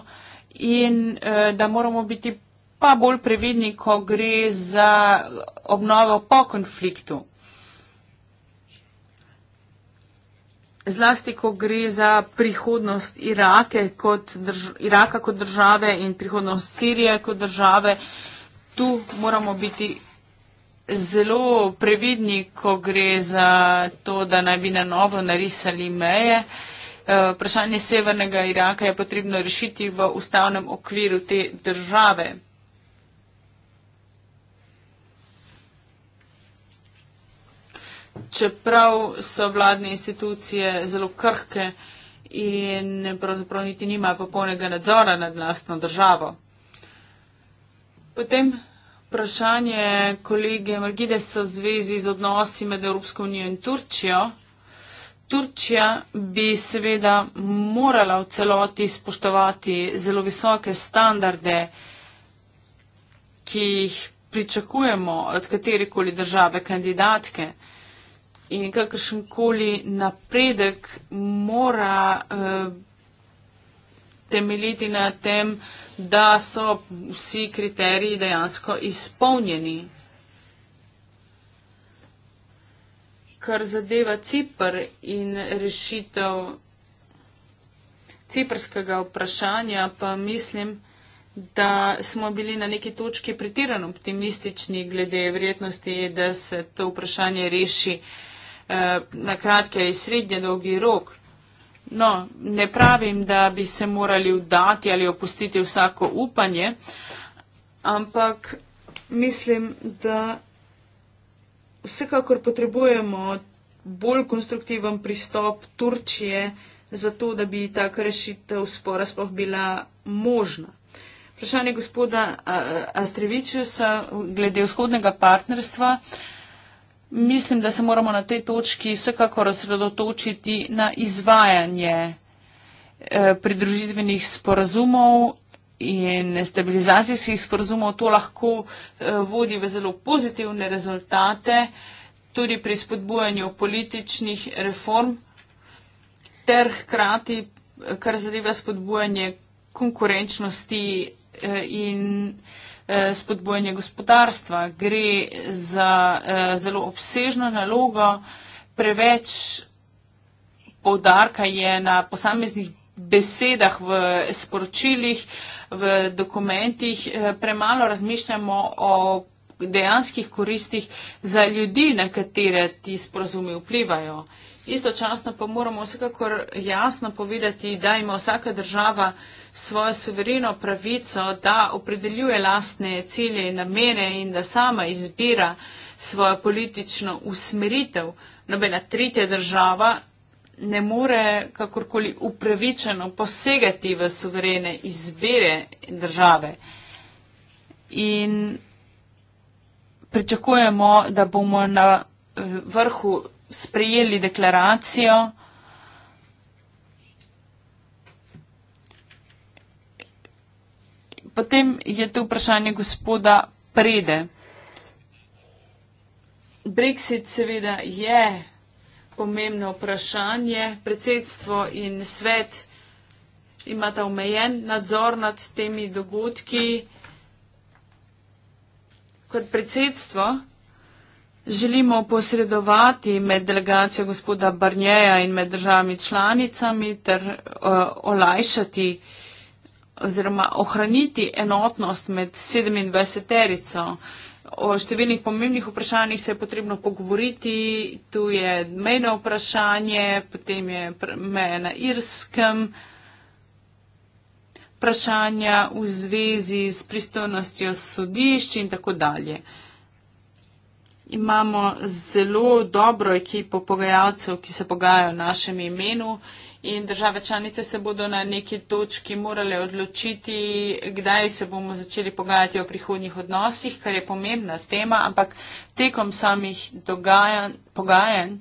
in eh, da moramo biti pa bolj previdni, ko gre za obnovo po konfliktu. zlasti, ko gre za prihodnost Irake kot drž Iraka kot države in prihodnost Sirije kot države. Tu moramo biti zelo previdni, ko gre za to, da naj bi na novo narisali meje. Eh, vprašanje severnega Iraka je potrebno rešiti v ustavnem okviru te države. čeprav so vladne institucije zelo krhke in pravzaprav niti nimajo popolnega nadzora nad lastno državo. Potem vprašanje kolege Margidesa v zvezi z odnosi med Evropsko unijo in Turčijo. Turčija bi seveda morala v celoti spoštovati zelo visoke standarde, ki jih pričakujemo od katerikoli države kandidatke in kakršen koli napredek mora uh, temeljiti na tem, da so vsi kriteriji dejansko izpolnjeni. Kar zadeva Cipr in rešitev ciprskega vprašanja, pa mislim, da smo bili na neki točki pretirano optimistični glede vrednosti, da se to vprašanje reši. Eh, na kratke i srednje dolgi rok. No, ne pravim da bi se morali udati ali opustiti vsako upanje, ampak mislim, da vsekakor potrebujemo bolj konstruktiven pristop Turčije za to, da bi tak rešitev spora sploh bila možna. Vprašanje gospoda eh, Astrevičusa glede vzhodnega partnerstva. Uh, mislim, da se moramo na tej točki vsekakor osredotočiti na izvajanje eh, pridružitvenih sporazumov in stabilizacijskih sporazumov. To lahko eh, vodi v zelo pozitivne rezultate tudi pri spodbujanju političnih reform ter hkrati, eh, kar zadeva spodbujanje konkurenčnosti in Eh, spodbojanje gospodarstva. Gre za eh, zelo obsežno nalogo, preveč povdarka je na posameznih besedah, v sporočilih, v dokumentih, eh, premalo razmišljamo o dejanskih koristih za ljudi, na katere ti sporozumi vplivajo. Istočasno pa moramo vsekakor jasno povedati, da ima vsaka država svojo suvereno pravico, da opredeljuje lastne cilje in namene in da sama izbira svojo politično usmeritev. Nobena tretja država ne more kakorkoli upravičeno posegati v suverene izbire države. In pričakujemo, da bomo na vrhu sprejeli deklaracijo. Potem je tu vprašanje gospoda Prede. Brexit seveda je pomembno vprašanje. Predsedstvo in svet imata omejen nadzor nad temi dogodki. Kot predsedstvo želimo posredovati med delegacijo gospoda Barnjeja in med državami članicami ter uh, olajšati oziroma ohraniti enotnost med 27-terico. O številnih pomembnih vprašanjih se je potrebno pogovoriti. Tu je mejno vprašanje, potem je meja na Irskem, vprašanja v zvezi s pristojnostjo sodišč in tako dalje imamo zelo dobro ekipo pogajalcev, ki se pogajajo v našem imenu in države članice se bodo na neki točki morale odločiti, kdaj se bomo začeli pogajati o prihodnjih odnosih, kar je pomembna tema, ampak tekom samih dogajanj, pogajanj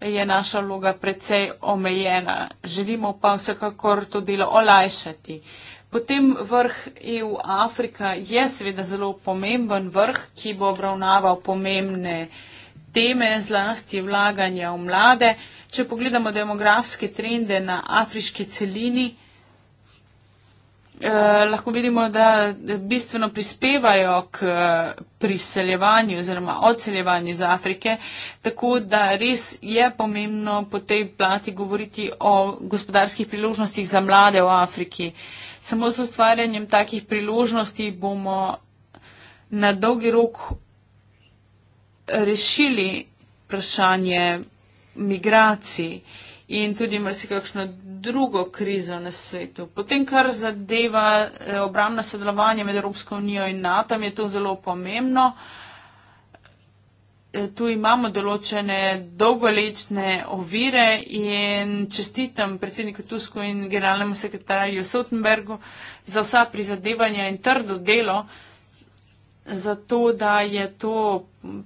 je naša vloga precej omejena. Želimo pa vsekakor to delo olajšati. Uh, Potem vrh EU-Afrika je seveda zelo pomemben vrh, ki bo obravnaval pomembne teme, zlasti vlaganja v mlade. Če pogledamo demografske trende na afriški celini, Eh, lahko vidimo, da bistveno prispevajo k eh, priseljevanju oziroma odseljevanju iz Afrike, tako da res je pomembno po tej plati govoriti o gospodarskih priložnostih za mlade v Afriki. Samo z ustvarjanjem takih priložnosti bomo na dolgi rok rešili vprašanje migracij in tudi marsikakšno drugo krizo na svetu. Potem, kar zadeva eh, obramno sodelovanje med Evropsko unijo in NATO, je to zelo pomembno. Eh, tu imamo določene dolgolečne ovire in čestitam predsedniku Tusku in generalnemu sekretarju Stoltenbergu za vsa prizadevanja in trdo delo, zato da je to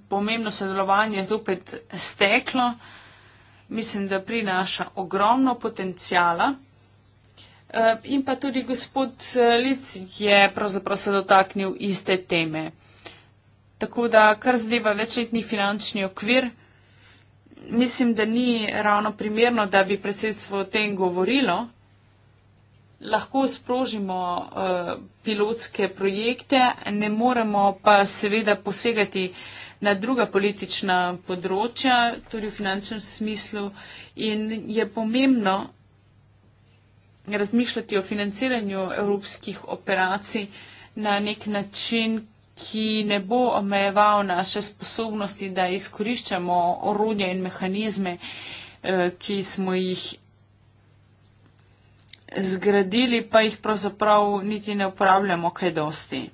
pomembno sodelovanje zopet steklo mislim, da prinaša ogromno potencijala. Eh, in pa tudi gospod eh, Lic je pravzaprav se dotaknil iste teme. Tako da, kar zadeva večletni finančni okvir, mislim, da ni ravno primerno, da bi predsedstvo o tem govorilo, lahko sprožimo uh, pilotske projekte, ne moremo pa seveda posegati na druga politična področja, tudi v finančnem smislu. In je pomembno razmišljati o financiranju evropskih operacij na nek način, ki ne bo omejeval naše sposobnosti, da izkoriščamo orodje in mehanizme, eh, ki smo jih zgradili, pa jih pravzaprav niti ne uporabljamo kaj dosti.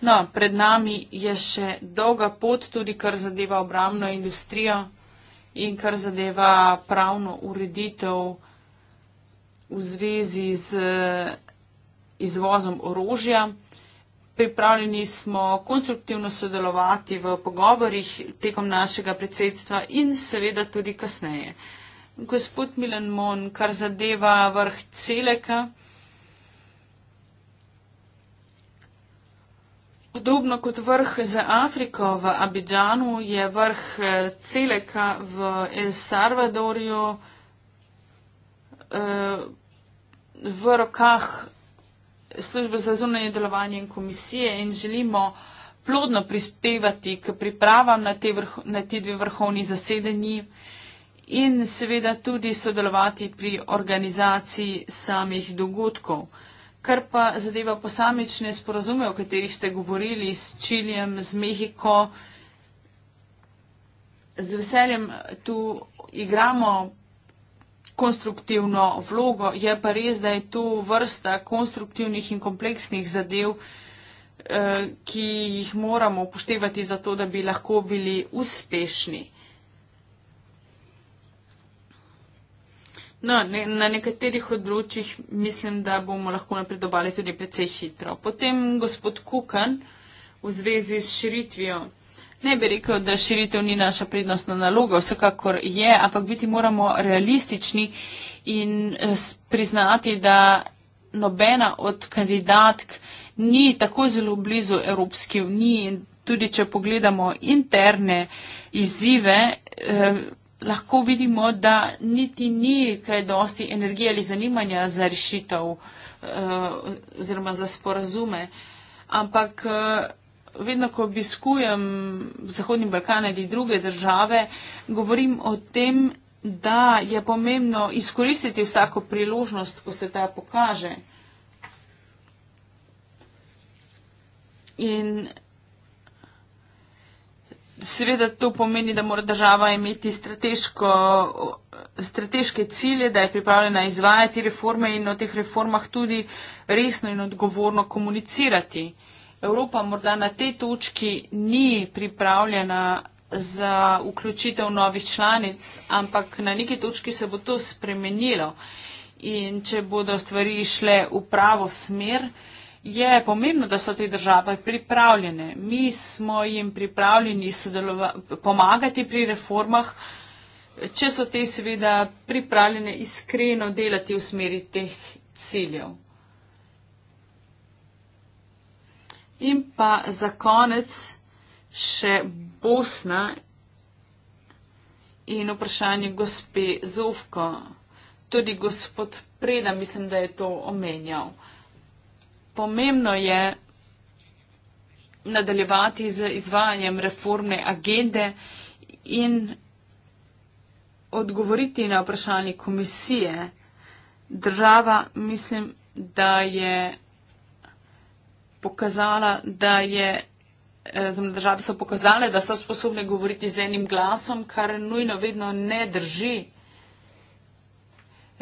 No, pred nami je še dolga pot, tudi kar zadeva obramno industrijo in kar zadeva pravno ureditev v zvezi z eh, izvozom orožja. Pripravljeni smo konstruktivno sodelovati v pogovorih tekom našega predsedstva in seveda tudi kasneje gospod Milan Mon, kar zadeva vrh celeka. Podobno kot vrh za Afriko v Abidžanu je vrh eh, celeka v El Salvadorju eh, v rokah službe za zunanje delovanje in komisije in želimo plodno prispevati k pripravam na te, vrho, na te dve vrhovni zasedanji in seveda tudi sodelovati pri organizaciji samih dogodkov. Kar pa zadeva posamične sporozume, o katerih ste govorili s Čilijem, z Mehiko, z veseljem tu igramo konstruktivno vlogo. Je pa res, da je tu vrsta konstruktivnih in kompleksnih zadev, eh, ki jih moramo upoštevati zato, da bi lahko bili uspešni. No, ne, na nekaterih odločjih mislim, da bomo lahko napredovali tudi precej hitro. Potem gospod Kukan v zvezi s širitvijo. Ne bi rekel, da širitev ni naša prednostna naloga, vsekakor je, ampak biti moramo realistični in eh, priznati, da nobena od kandidatk ni tako zelo blizu Evropski uniji. Tudi če pogledamo interne izzive. Eh, lahko vidimo, da niti ni kaj dosti energije ali zanimanja za rešitev eh, oziroma za sporazume. Ampak eh, vedno, ko obiskujem Zahodni Balkan ali druge države, govorim o tem, da je pomembno izkoristiti vsako priložnost, ko se ta pokaže. In Seveda to pomeni, da mora država imeti strateške cilje, da je pripravljena izvajati reforme in o teh reformah tudi resno in odgovorno komunicirati. Evropa morda na tej točki ni pripravljena za vključitev novih članic, ampak na neki točki se bo to spremenilo. In če bodo stvari šle v pravo smer, je pomembno, da so te države pripravljene. Mi smo jim pripravljeni pomagati pri reformah, če so te seveda pripravljene iskreno delati v smeri teh ciljev. In pa za konec še Bosna in vprašanje gospe Zovko. Tudi gospod Preda mislim, da je to omenjal pomembno je nadaljevati z izvajanjem reformne agende in odgovoriti na vprašanje komisije. Država mislim, da je pokazala, da je eh, države so pokazale, da so sposobne govoriti z enim glasom, kar nujno vedno ne drži.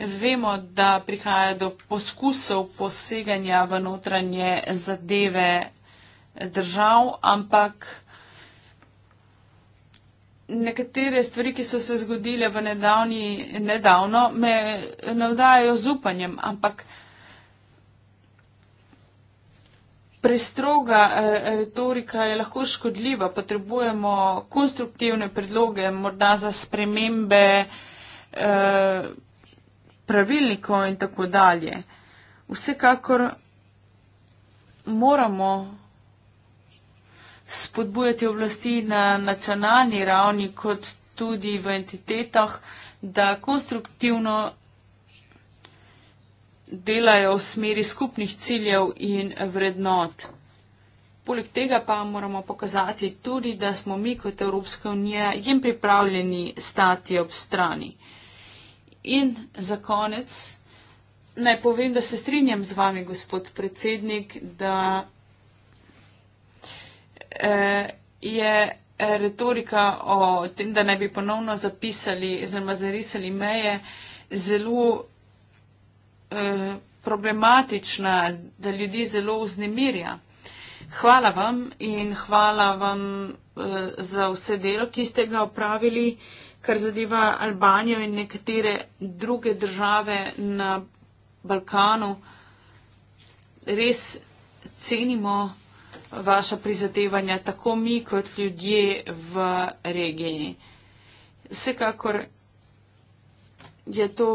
Vemo, da prihaja do poskusov poseganja v notranje zadeve držav, ampak nekatere stvari, ki so se zgodile v nedavni, nedavno, me navdajajo z upanjem, ampak prestroga eh, retorika je lahko škodljiva. Potrebujemo konstruktivne predloge, morda za spremembe. Eh, pravilnikov in tako dalje. Vsekakor moramo spodbujati oblasti na nacionalni ravni, kot tudi v entitetah, da konstruktivno delajo v smeri skupnih ciljev in vrednot. Poleg tega pa moramo pokazati tudi, da smo mi kot Evropska unija jim pripravljeni stati ob strani. In za konec naj povem, da se strinjam z vami, gospod predsednik, da eh, je retorika o tem, da naj bi ponovno zapisali oziroma zarisali meje, zelo eh, problematična, da ljudi zelo vznemirja. Hvala vam in hvala vam eh, za vse delo, ki ste ga opravili kar zadeva Albanijo in nekatere druge države na Balkanu. Res cenimo vaša prizadevanja, tako mi kot ljudje v regiji. Vsekakor je to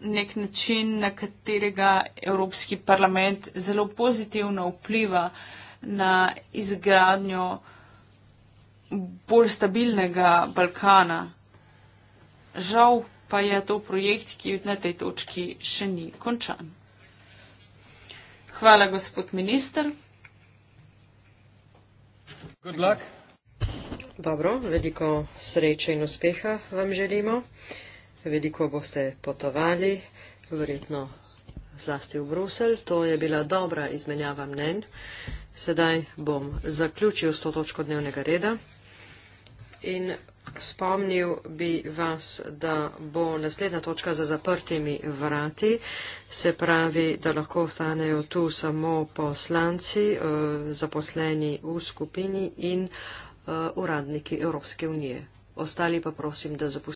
nek način, na katerega Evropski parlament zelo pozitivno vpliva na izgradnjo bolj stabilnega Balkana. Žal pa je to projekt, ki na tej točki še ni končan. Hvala, gospod minister. Dobro, veliko sreče in uspeha vam želimo. Veliko boste potovali, verjetno zlasti v Bruselj. To je bila dobra izmenjava mnen. Sedaj bom zaključil s to točko dnevnega reda. In spomnil bi vas, da bo naslednja točka za zaprtimi vrati, se pravi, da lahko ostanejo tu samo poslanci, eh, zaposleni v skupini in eh, uradniki Evropske unije. Ostali pa prosim, da zapustite.